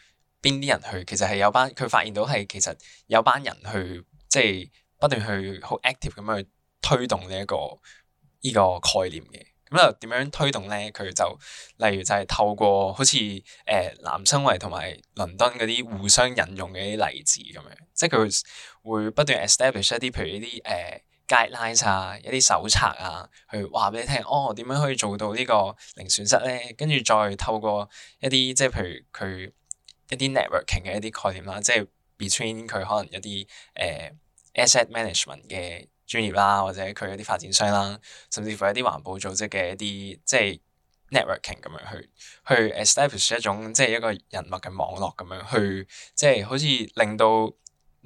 邊啲人去？其實係有班佢發現到係其實有班人去即係、就是、不斷去好 active 咁去推動呢、這、一個呢、這個概念嘅。咁啊點樣推動咧？佢就例如就係透過好似誒南生圍同埋倫敦嗰啲互相引用嘅啲例子咁樣，即係佢會不斷 establish 一啲譬如一啲誒。呃 guidelines 啊一啲手冊啊，去話畀你聽哦點樣可以做到呢個零損失咧？跟住再透過一啲即係譬如佢一啲 networking 嘅一啲概念啦，即係 between 佢可能一啲誒、呃、asset management 嘅專業啦，或者佢一啲發展商啦，甚至乎一啲環保組織嘅一啲即係 networking 咁樣去去 establish 一種即係一個人脈嘅網絡咁樣去，即係好似令到。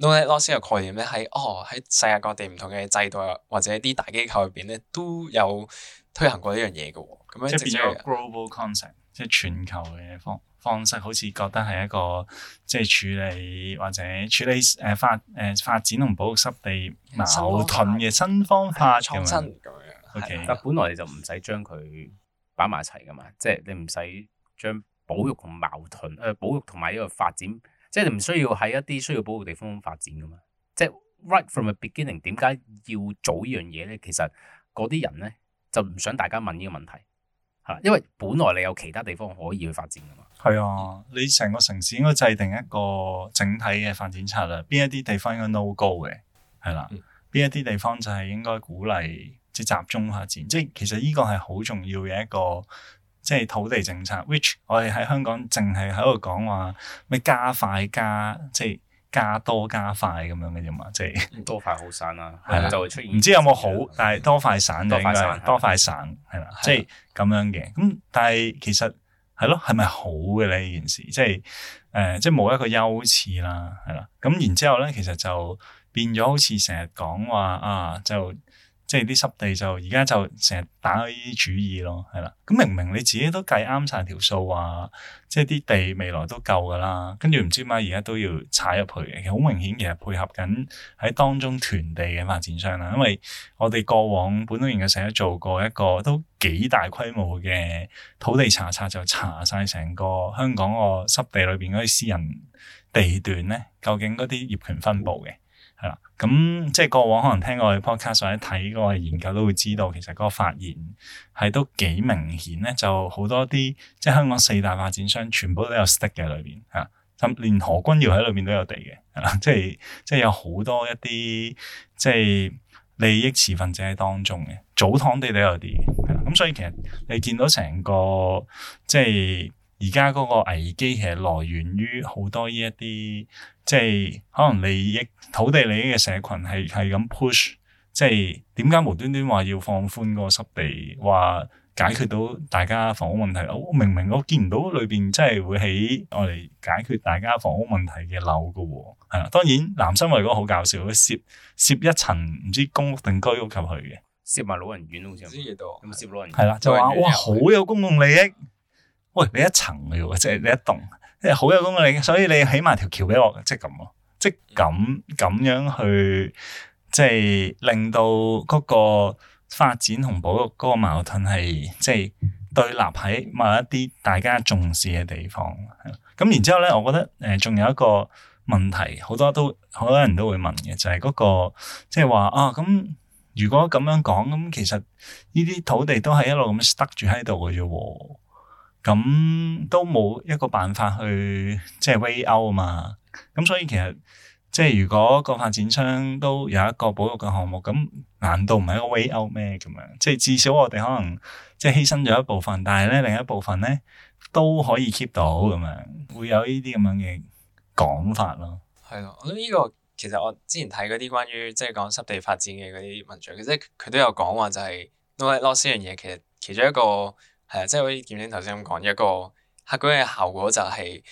零損失嘅概念咧，喺哦喺世界各地唔同嘅制度或者啲大機構入邊咧，都有推行過呢樣嘢嘅。咁樣即係變咗 global concept，即係全球嘅方方式，好似覺得係一個即係處理或者處理誒、呃、發誒、呃、發展同保育濕地矛盾嘅新方法，新方法創新咁樣。O.K. 的但本來你就唔使將佢擺埋一齊噶嘛，即係的你唔使將保育同矛盾誒、呃、保育同埋呢個發展。即係你唔需要喺一啲需要保護地方發展噶嘛，即係 right from the beginning，點解要做呢樣嘢咧，其實嗰啲人咧就唔想大家問呢個問題吓，因為本來你有其他地方可以去發展噶嘛。係啊，你成個城市應該制定一個整體嘅發展策略，邊一啲地方應該 no go 嘅，係啦，邊一啲地方就係應該鼓勵即係集中發展。即係其實呢個係好重要嘅一個。即係土地政策，which 我哋喺香港淨係喺度講話咩加快加，即係加多加快咁樣嘅啫嘛，即係多快好散啦、啊，係啦、啊、就會出現，唔知有冇好，但係多快散多快散多快散係啦、啊嗯呃，即係咁樣嘅。咁但係其實係咯，係咪好嘅咧？呢件事即係誒，即係冇一個優次啦，係啦、啊。咁然之後咧，其實就變咗好似成日講話啊，就。即係啲濕地就而家就成日打啲主意咯，係啦。咁明明你自己都計啱晒條數啊，即係啲地未來都夠噶啦。跟住唔知點解而家都要踩入去嘅，其實好明顯其實配合緊喺當中囤地嘅發展商啦。因為我哋過往本土研究社都做過一個都幾大規模嘅土地查冊，就查晒成個香港個濕地裏邊嗰啲私人地段咧，究竟嗰啲業權分佈嘅。係啦，咁、嗯嗯、即係過往可能聽過嘅 podcast 或者睇過研究都會知道，其實個發現係都幾明顯咧，就好多啲即係香港四大發展商全部都有 stake 嘅裏邊嚇，咁連何君堯喺裏邊都有地嘅，係啦，即係即係有好多一啲即係利益持份者喺當中嘅，祖堂地都有地嘅，咁、嗯、所以其實你見到成個即係。而家嗰個危機其實來源於好多呢一啲，即係可能利益、土地利益嘅社群係係咁 push，即係點解無端端話要放寬個濕地，話解決到大家房屋問題？我、哦、明明我見唔到裏邊真係會起我哋解決大家房屋問題嘅樓嘅喎、哦，啦。當然南生圍嗰個好搞笑，攝攝一層唔知公屋定居屋入去嘅，攝埋老人院好似，咁攝老人，院，係啦，就話哇好的有公共利益。喂，你一層嘅啫，就是、你一棟，好、就是、有功嘅你，所以你起埋條橋畀我，即係咁咯，即係咁咁樣去，即、就、係、是、令到嗰個發展同保育嗰個矛盾係、即、就、係、是、對立喺某一啲大家重視嘅地方。咁然之後咧，我覺得誒，仲、呃、有一個問題，好多都好多人都會問嘅，就係、是、嗰、那個即係話啊，咁如果咁樣講，咁其實呢啲土地都係一路咁 stuck 住喺度嘅啫。咁都冇一個辦法去即係 weigh out 啊嘛，咁所以其實即係如果個發展商都有一個保育嘅項目，咁難道唔係一個 weigh out 咩咁樣？即係至少我哋可能即係犧牲咗一部分，但係咧另一部分咧都可以 keep 到咁樣，會有呢啲咁樣嘅講法咯。係咯，我諗呢個其實我之前睇嗰啲關於即係講濕地發展嘅嗰啲文章，即係佢都有講話就係、是、no loss 呢樣嘢，其實其中一個。係啊，即係好似劍軒頭先咁講，一個客觀嘅效果就係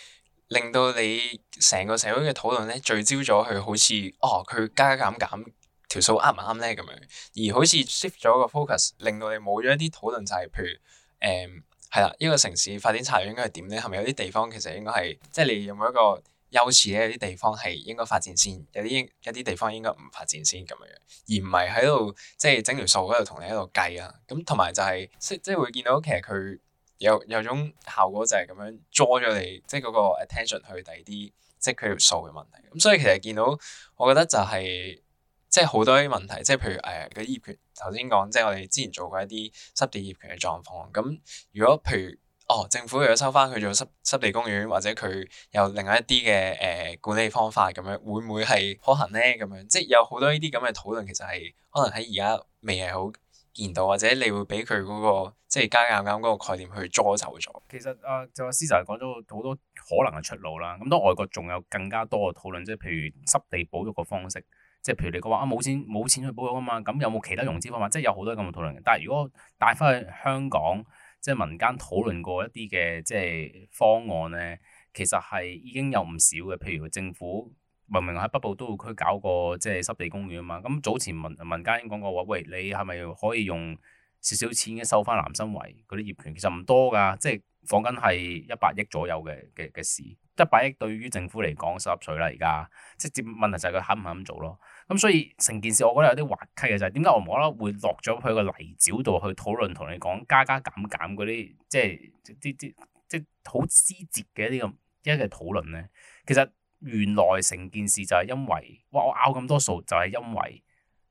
令到你成個社會嘅討論咧聚焦咗佢，好似哦佢加減減條數啱唔啱咧，咁樣，而好似 shift 咗個 focus，令到你冇咗一啲討論就係譬如誒係啦，依個城市發展策略應該係點咧？係咪有啲地方其實應該係即係你有冇一個？有時咧，有啲地方係應該發展先，有啲應一啲地方應該唔發展先咁樣，而唔係喺度即係整條數喺度同你喺度計呀。咁同埋就係、是、即即會見到其實佢有有種效果就係咁樣咗咗你，即係嗰個 attention 去第二啲即係佢條數嘅問題。咁所以其實見到我覺得就係、是、即係好多啲問題，即係譬如誒嘅業權頭先講，即係我哋之前做過一啲濕地業權嘅狀況。咁如果譬如，哦，政府如果收翻佢做濕濕地公園，或者佢有另外一啲嘅誒管理方法，咁樣會唔會係可行呢？咁樣即係有好多呢啲咁嘅討論，其實係可能喺而家未係好見到，或者你會俾佢嗰個即係加硬啱嗰個概念去捉走咗。其實啊，就司實講咗好多可能嘅出路啦。咁當外國仲有更加多嘅討論，即係譬如濕地保育嘅方式，即係譬如你講話啊冇錢冇錢去保育啊嘛，咁有冇其他融資方法？即係有好多咁嘅討論。但係如果帶翻去香港？即係民間討論過一啲嘅即係方案咧，其實係已經有唔少嘅。譬如政府明明喺北部都會區搞個即係濕地公園啊嘛，咁早前民民間已經講過話，喂你係咪可以用少少錢收翻男生圍嗰啲業權？其實唔多㗎，即係講緊係一百億左右嘅嘅嘅事。一百億對於政府嚟講濕濕碎啦，而家即係問題就係佢肯唔肯做咯。咁、嗯、所以成件事我覺得有啲滑稽嘅，就係點解我無啦啦會落咗去個泥沼度，去討論同你講加加減減嗰啲即係啲啲即係好枝節嘅一啲咁一嘅討論咧，其實原來成件事就係因為哇我拗咁多數，就係因為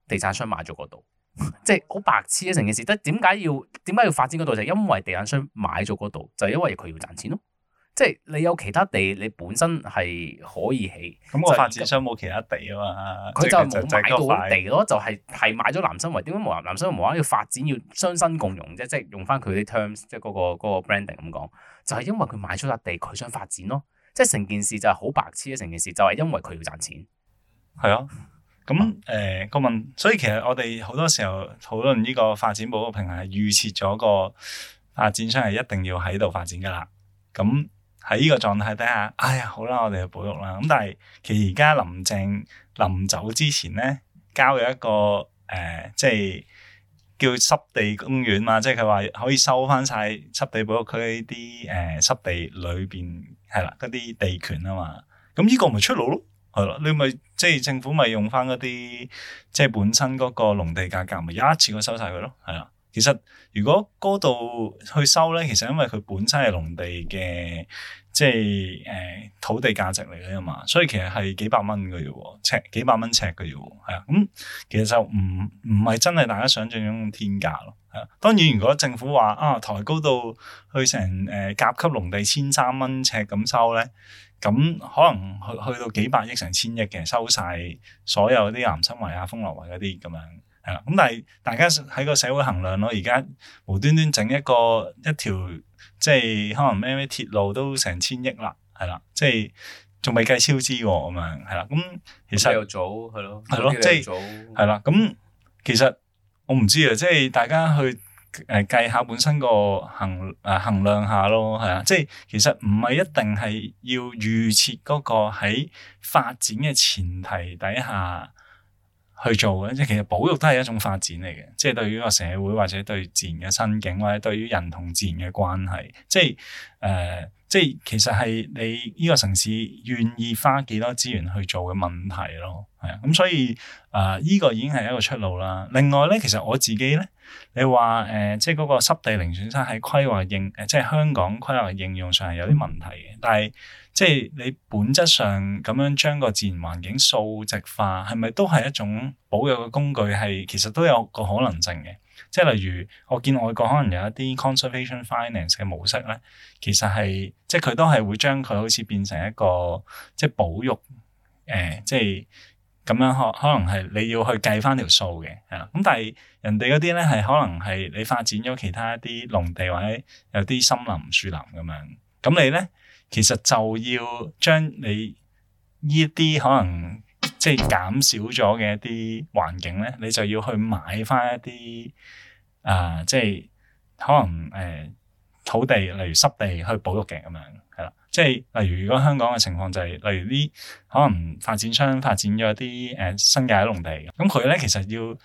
地產商買咗嗰度，即係好白痴啊，成件事，但點解要點解要發展嗰度就係、是、因為地產商買咗嗰度就係、是、因為佢要賺錢咯。即係你有其他地，你本身係可以起。咁個發展商冇其他地啊嘛，佢就冇買到地咯，就係、是、係買咗南生圍。點解冇南生圍無要發展要雙新共融啫？即係用翻佢啲 terms，即係嗰、那個、那個、branding 咁講，就係、是、因為佢買咗笪地，佢想發展咯。即係成件事就係好白痴啊！成件事就係因為佢要賺錢。係啊，咁誒個問，所以其實我哋好多時候討論呢個發展保育平衡，預設咗個發展商係一定要喺度發展噶啦。咁喺呢個狀態底下，哎呀，好啦，我哋就保育啦。咁但係其實而家林鄭臨走之前咧，交咗一個誒、呃，即係叫濕地公園嘛。即係佢話可以收翻晒濕地保育區啲誒、呃、濕地裏邊係啦，嗰啲地權啊嘛。咁呢個咪出路咯，係咯。你咪即係政府咪用翻嗰啲，即係本身嗰個農地價格咪一次過收晒佢咯，係啊。其實如果高到去收咧，其實因為佢本身係農地嘅，即係誒、呃、土地價值嚟嘅嘛，所以其實係幾百蚊嘅，要尺幾百蚊尺嘅，要係啊。咁、嗯、其實就唔唔係真係大家想象中嘅天價咯。係啊，當然如果政府話啊抬高到去成誒、呃、甲級農地千三蚊尺咁收咧，咁、嗯、可能去去到幾百億成千億嘅收晒所有啲南生圍啊、豐樂圍嗰啲咁樣。係啦，咁但係大家喺個社會衡量咯，而家無端端整一個一條，即係可能咩咩鐵路都成千億啦，係啦，即係仲未計超支喎，咁啊，係、嗯、啦，咁其實又早係咯，係咯，即係係啦，咁、嗯、其實我唔知啊，即係大家去誒計下本身個衡誒衡量下咯，係啊，即係其實唔係一定係要預設嗰個喺發展嘅前提底下。去做嘅，即係其實保育都係一種發展嚟嘅，即係對於個社會或者對自然嘅心境，或者對於人同自然嘅關係，即係誒、呃，即係其實係你呢個城市願意花幾多資源去做嘅問題咯，係啊，咁、嗯、所以誒呢、呃，這個已經係一個出路啦。另外咧，其實我自己咧，你話誒、呃，即係嗰個濕地零損失喺規劃應誒，即係香港規劃應用上係有啲問題嘅，但係。即係你本質上咁樣將個自然環境數值化，係咪都係一種保育嘅工具？係其實都有個可能性嘅。即係例如，我見外國可能有一啲 conservation finance 嘅模式咧，其實係即係佢都係會將佢好似變成一個即係保育誒、呃，即係咁樣可可能係你要去計翻條數嘅係啦。咁但係人哋嗰啲咧係可能係你發展咗其他一啲農地或者有啲森林樹林咁樣，咁你咧？其實就要將你呢啲可能即係減少咗嘅一啲環境咧，你就要去買翻一啲啊、呃，即係可能誒、呃、土地，例如濕地去保育嘅咁樣，係啦，即係例如如果香港嘅情況就係、是，例如啲可能發展商發展咗啲誒新界農地，咁佢咧其實要。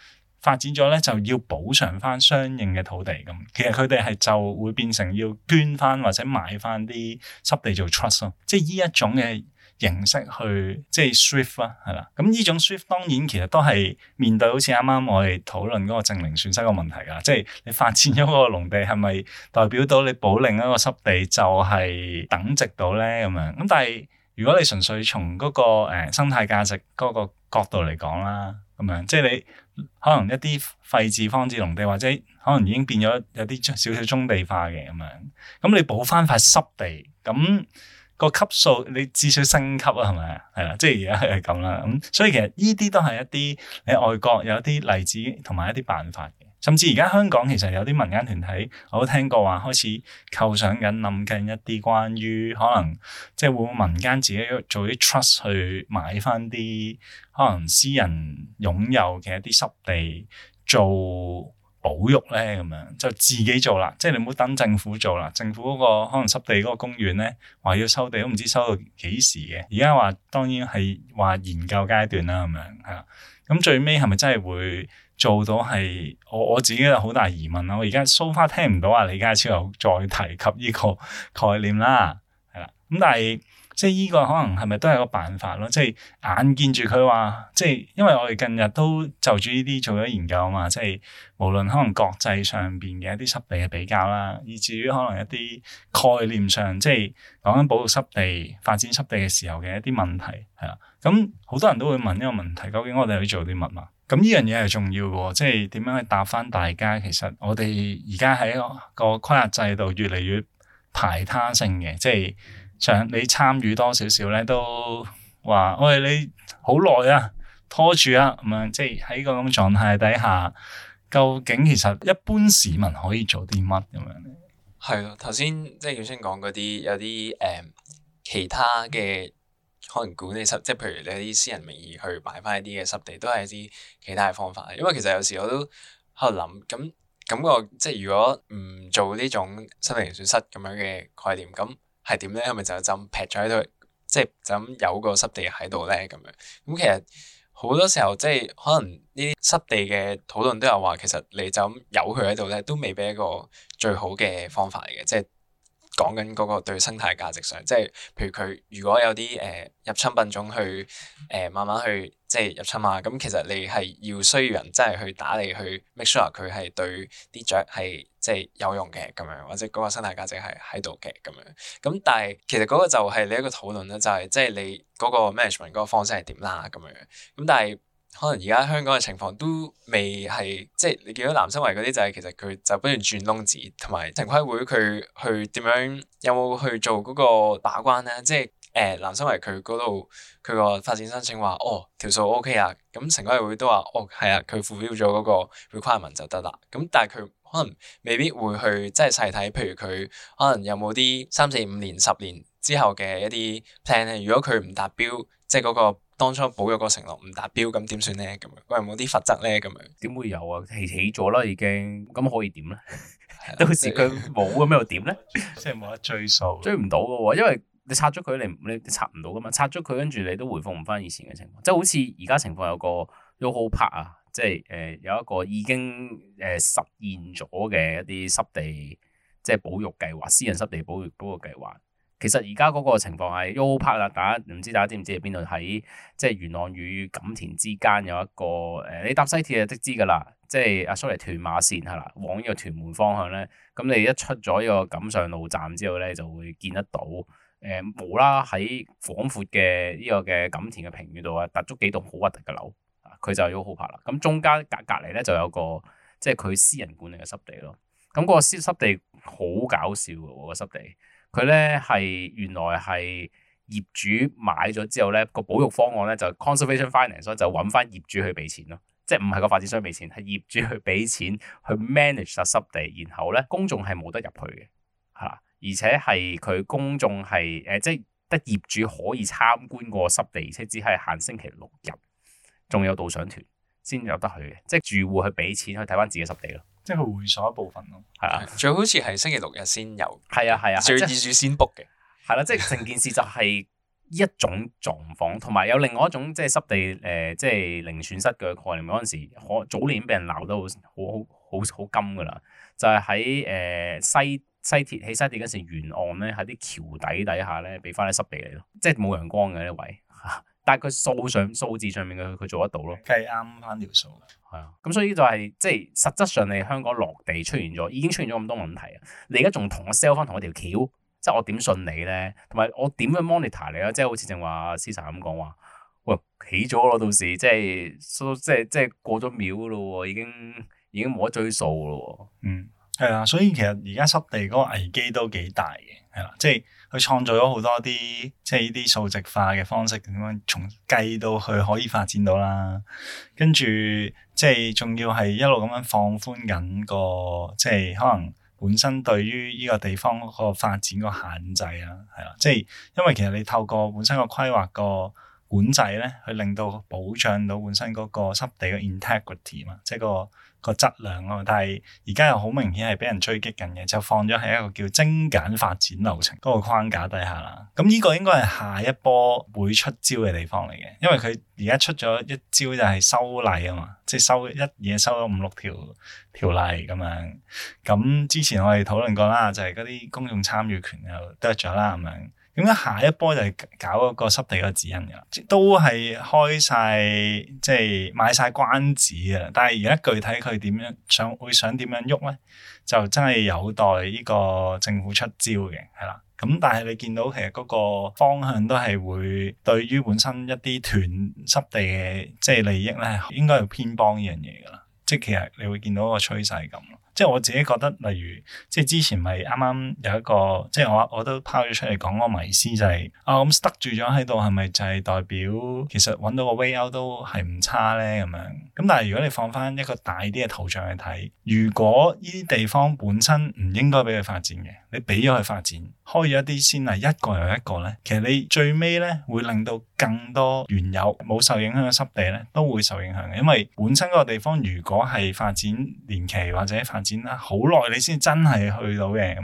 發展咗咧，就要補償翻相應嘅土地咁。其實佢哋係就會變成要捐翻或者買翻啲濕地做 trust 咯，即係依一種嘅形式去即係 shift 啦，係啦。咁依種 shift 當然其實都係面對好似啱啱我哋討論嗰個證明損失嘅問題㗎，即係你發展咗個農地係咪代表到你保另一個濕地就係等值到咧咁樣？咁但係如果你純粹從嗰個、呃、生態價值嗰個角度嚟講啦。咁樣、嗯，即係你可能一啲廢置荒置農地，或者可能已經變咗有啲少少棕地化嘅咁樣，咁、嗯嗯、你補翻塊濕地，咁、嗯、個級數你至少升級啊，係咪？係啦，即係而家係咁啦。咁、嗯、所以其實呢啲都係一啲你外國有啲例子同埋一啲辦法。甚至而家香港其實有啲民間團體我都聽過話開始構想緊，諗緊一啲關於可能即係會唔會民間自己做啲 trust 去買翻啲可能私人擁有嘅一啲濕地做保育咧咁樣，就自己做啦。即係你唔好等政府做啦，政府嗰個可能濕地嗰個公園咧話要收地都唔知收到幾時嘅。而家話當然係話研究階段啦咁樣係啦。咁最尾係咪真係會？做到係我我自己有好大疑問啊。我而家 so far 聽唔到啊李家超又再提及呢個概念啦，係啦。咁但係即係呢個可能係咪都係個辦法咯？即係眼見住佢話，即係因為我哋近日都就住呢啲做咗研究啊嘛，即係無論可能國際上邊嘅一啲濕地嘅比較啦，以至於可能一啲概念上，即係講緊保護濕地、發展濕地嘅時候嘅一啲問題係啦。咁好多人都會問呢個問題：究竟我哋去做啲乜嘛？咁呢樣嘢係重要嘅，即係點樣去答翻大家？其實我哋而家喺個規劃制度越嚟越排他性嘅，即係想你參與多少少咧，都話喂，你好耐啊，拖住啊，咁樣即係喺個咁狀態底下，究竟其實一般市民可以做啲乜咁樣咧？係咯，頭先即係原先講嗰啲有啲誒、嗯、其他嘅。可能管啲濕，即係譬如你啲私人名義去買翻一啲嘅濕地，都係一啲其他嘅方法。因為其實有時我都喺度諗，咁咁個即係如果唔做呢種零損失咁樣嘅概念，咁係點咧？係咪就咁劈咗喺度，即係就咁有個濕地喺度咧？咁樣咁其實好多時候即係可能呢啲濕地嘅討論都有話，其實你就咁有佢喺度咧，都未必一個最好嘅方法嚟嘅，即係。講緊嗰個對生態價值上，即係譬如佢如果有啲誒、呃、入侵品種去誒、呃、慢慢去即係入侵啊，咁其實你係要需要人真係去打理去 make sure 佢係對啲雀係即係有用嘅咁樣，或者嗰個生態價值係喺度嘅咁樣。咁但係其實嗰個就係你一個討論啦，就係即係你嗰個 management 嗰個方式係點啦咁樣。咁但係。可能而家香港嘅情況都未係，即係你見到南生圍嗰啲就係其實佢就不如轉窿子，同埋城規會佢去點樣有冇去做嗰個把關咧？即係誒南生圍佢嗰度佢個發展申請話哦條數 O K 啦，咁城規會都話哦係啊，佢符合咗嗰個 requirement 就得啦。咁但係佢可能未必會去即係細睇，譬如佢可能有冇啲三四五年、十年之後嘅一啲 plan 咧？如果佢唔達標。即係嗰個當初保育個承諾唔達標，咁點算咧？咁係冇啲罰則咧？咁樣點會有啊？起起咗啦已經，咁可以點咧？ 到時佢冇咁又點咧？ 即係冇得追訴，追唔到嘅喎，因為你拆咗佢，你你拆唔到噶嘛？拆咗佢跟住你都回覆唔翻以前嘅情況，即係 好似而家情況有個都好拍啊，即係誒有一個已經誒實現咗嘅一啲濕地，即係保育計劃，私人濕地保育嗰個計劃。其實而家嗰個情況係 U 拍啦，大家唔知大家知唔知喺邊度？喺即係元朗與錦田之間有一個誒，你搭西鐵就即知㗎喇。即係阿 sorry 屯馬線係啦，往呢個屯門方向咧，咁你一出咗呢個錦上路站之後咧，就會見得到誒、呃，冇啦喺廣闊嘅呢個嘅錦、這個、田嘅平原度啊，搭咗幾棟好核突嘅樓啊，佢就係 U 拍啦。咁中間隔隔離咧就有，呢就有個即係佢私人管理嘅濕地咯。咁嗰個濕地好搞笑嘅喎，個濕地。佢咧係原來係業主買咗之後咧，個保育方案咧就是 conservation finance，就揾翻業主去畀錢咯，即係唔係個發展商畀錢，係業主去畀錢去 manage 個濕地，然後咧公眾係冇得入去嘅嚇、啊，而且係佢公眾係誒即係得業主可以參觀個濕地，即係只係限星期六日，仲有導賞團先有得去嘅，即係住戶去畀錢去睇翻自己濕地咯。即係會所一部分咯，係啊，最好似係星期六日先有，係啊係啊，啊最易先 book 嘅，係啦、啊，即係成件事就係一種狀況，同埋 有另外一種即係濕地，誒即係零損失嘅概念。嗰陣時，可早年俾人鬧得好好好好金噶啦，就係喺誒西西鐵起西鐵嗰時，沿岸咧喺啲橋底底下咧俾翻啲濕地嚟咯，即係冇陽光嘅呢位。 但佢數上數字上面嘅佢做得到咯，嗯、計啱翻條數嘅， 啊。咁所以就係、係、即係實質上，你香港落地出現咗，已經出現咗咁多問題啊。你而家仲同我 sell 翻同我條橋，即係我，我點信你咧？同埋我點樣 monitor 你咧？即係好似正話司察咁講話，喂起咗咯，到時即係即係即係過咗秒咯，已經已經冇得追數咯。嗯，係啊。所以其實而家濕地嗰個危機都幾大嘅，係啦、啊，即係。佢創造咗好多啲，即係呢啲數值化嘅方式咁樣，從計到佢可以發展到啦。跟住即係仲要係一路咁樣放寬緊個，即係可能本身對於呢個地方嗰個發展個限制啊，係啊，即係因為其實你透過本身個規劃個管制咧，去令到保障到本身嗰個濕地嘅 integrity 嘛，即係個。個質量咯，但係而家又好明顯係畀人追擊緊嘅，就放咗喺一個叫精簡發展流程嗰個框架底下啦。咁呢個應該係下一波會出招嘅地方嚟嘅，因為佢而家出咗一招就係修例啊嘛，即係修一嘢修咗五六條條例咁樣。咁之前我哋討論過啦，就係嗰啲公眾參與權又得咗啦咁樣。點解下一波就係搞嗰個濕地嘅指引噶，都係開晒，即係買晒關子噶。但係而家具體佢點樣想會想點樣喐咧，就真係有待呢個政府出招嘅，係啦。咁但係你見到其實嗰個方向都係會對於本身一啲斷濕地嘅即係利益咧，應該係偏幫呢樣嘢噶啦。即係其實你會見到一個趨勢咁即係我自己覺得，例如即係之前咪啱啱有一個，即係我我都拋咗出嚟講個迷思就係、是，啊咁得、嗯、住咗喺度係咪就係代表其實揾到個 V.O. 都係唔差咧咁樣？咁但係如果你放翻一個大啲嘅圖像去睇，如果呢啲地方本身唔應該俾佢發展嘅。你畀咗佢發展，開咗一啲先例，一個又一個咧，其實你最尾咧會令到更多原有冇受影響嘅濕地咧都會受影響嘅，因為本身嗰個地方如果係發展年期或者發展得好耐，你先真係去到嘅樣。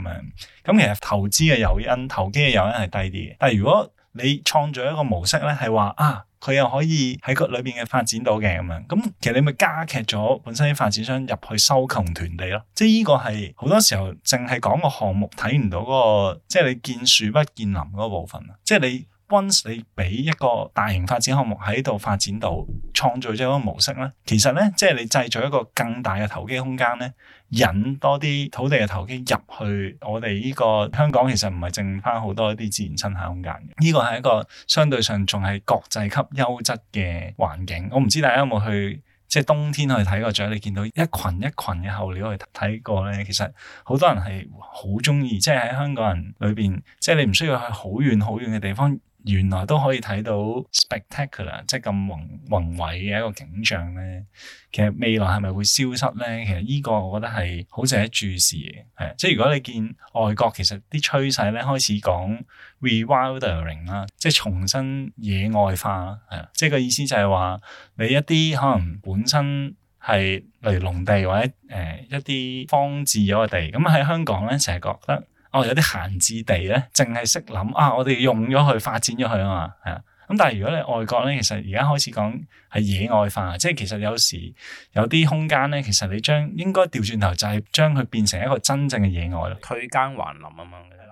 咁其實投資嘅誘因、投機嘅誘因係低啲嘅，但係如果你創造一個模式咧，係話啊。佢又可以喺個裏邊嘅發展到嘅咁樣，咁其實你咪加劇咗本身啲發展商入去收窮團地咯，即係呢個係好多時候淨係講個項目睇唔到嗰個，即係你見樹不見林嗰部分啊，即係你。once 你俾一個大型發展項目喺度發展到，創造咗一個模式咧，其實咧，即係你製造一個更大嘅投機空間咧，引多啲土地嘅投機入去。我哋呢個香港其實唔係剩返好多啲自然親近空間嘅，呢個係一個相對上仲係國際級優質嘅環境。我唔知大家有冇去，即係冬天去睇過雀，你見到一群一群嘅候鳥去睇過咧，其實好多人係好中意，即係喺香港人裏邊，即係你唔需要去好遠好遠嘅地方。原來都可以睇到 spectacular，即係咁宏宏偉嘅一個景象咧。其實未來係咪會消失咧？其實呢個我覺得係好值得注視嘅。係，即係如果你見外國其實啲趨勢咧，開始講 rewilding 啦，即係重新野外化。係啊，即係個意思就係話你一啲可能本身係例如農地或者誒、呃、一啲荒置咗嘅地，咁喺香港咧成日覺得。哦，有啲閒置地咧，淨係識諗啊！我哋用咗佢，發展咗佢啊嘛，係啊。咁但係如果你外國咧，其實而家開始講係野外化，即係其實有時有啲空間咧，其實你將應該調轉頭，就係將佢變成一個真正嘅野外咯，退耕還林啊嘛，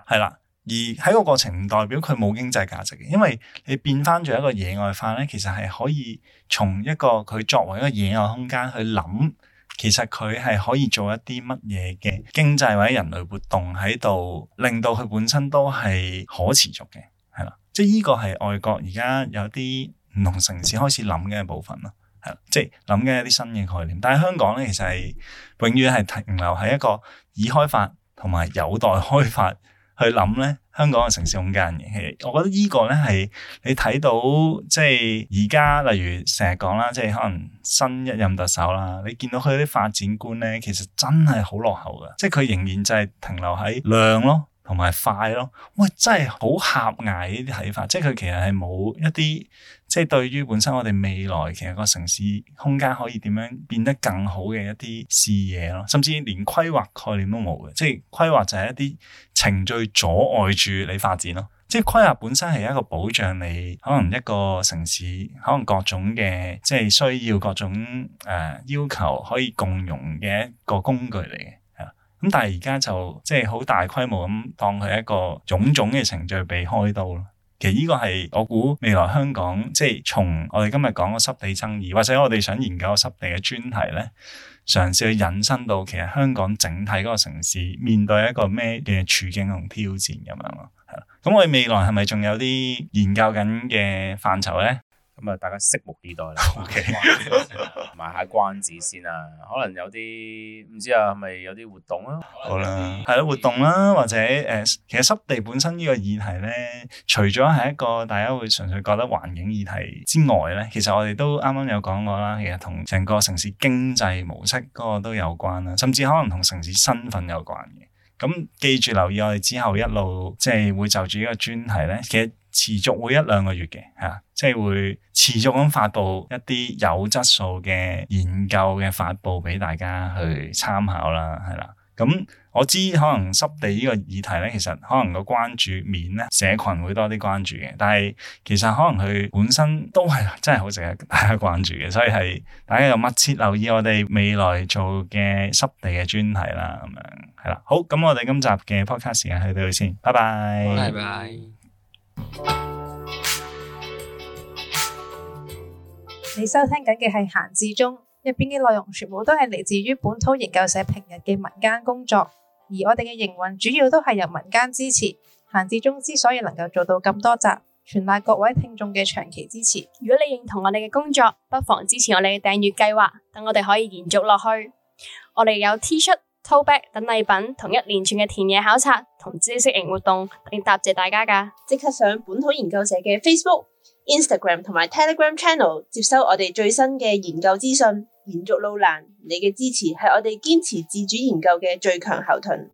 係啦。而喺個過程唔代表佢冇經濟價值嘅，因為你變翻做一個野外化咧，其實係可以從一個佢作為一個野外空間去諗。其實佢係可以做一啲乜嘢嘅經濟或者人類活動喺度，令到佢本身都係可持續嘅，係啦。即係呢個係外國而家有啲唔同城市開始諗嘅一部分啦，係即係諗嘅一啲新嘅概念。但係香港咧，其實係永遠係停留喺一個已開發同埋有待開發。去諗咧，香港嘅城市空間嘅，其實我覺得呢個咧係你睇到，即係而家，例如成日講啦，即係可能新一任特首啦，你見到佢啲發展觀咧，其實真係好落後㗎，即係佢仍然就係停留喺量咯，同埋快咯，喂，真係好狹隘呢啲睇法，即係佢其實係冇一啲。即係對於本身我哋未來其實個城市空間可以點樣變得更好嘅一啲視野咯，甚至連規劃概念都冇嘅，即係規劃就係一啲程序阻礙住你發展咯。即係規劃本身係一個保障你可能一個城市可能各種嘅即係需要各種誒、呃、要求可以共融嘅一個工具嚟嘅，啊。咁但係而家就即係好大規模咁當佢一個種種嘅程序被開刀咯。其實呢個係我估未來香港，即係從我哋今日講個濕地爭議，或者我哋想研究個濕地嘅專題咧，嘗試去引申到其實香港整體嗰個城市面對一個咩嘅處境同挑戰咁樣咯。係啦，咁我哋未來係咪仲有啲研究緊嘅範疇咧？咁啊，大家拭目以待啦。Okay. 賣下關子先啦、啊，可能有啲唔知啊，係咪有啲活動啊？好啦，係咯、嗯、活動啦，或者誒、呃，其實濕地本身呢個議題咧，除咗係一個大家會純粹覺得環境議題之外咧，其實我哋都啱啱有講過啦，其實同成個城市經濟模式嗰個都有關啦，甚至可能同城市身份有關嘅。咁記住留意我哋之後一路即係會就住呢個專題咧，其實持續會一兩個月嘅嚇。即係會持續咁發佈一啲有質素嘅研究嘅發佈俾大家去參考啦，係啦。咁我知可能濕地呢個議題呢，其實可能個關注面呢，社群會多啲關注嘅。但係其實可能佢本身都係真係好值得大家關注嘅，所以係大家有密切留意我哋未來做嘅濕地嘅專題啦，咁樣係啦。好，咁我哋今集嘅 podcast 時間去到先，拜拜，拜拜。你收聽緊嘅係閒置中，入邊嘅內容全部都係嚟自於本土研究社平日嘅民間工作，而我哋嘅營運主要都係由民間支持。閒置中之所以能夠做到咁多集，全賴各位聽眾嘅長期支持。如果你認同我哋嘅工作，不妨支持我哋嘅訂閱計劃，等我哋可以延續落去。我哋有 T 恤、Tote Bag 等禮品，同一連串嘅田野考察同知識型活動，嚟答謝大家㗎。即刻上本土研究社嘅 Facebook。Instagram 同埋 Telegram Channel 接收我哋最新嘅研究資訊，延續路難，你嘅支持係我哋堅持自主研究嘅最強後盾。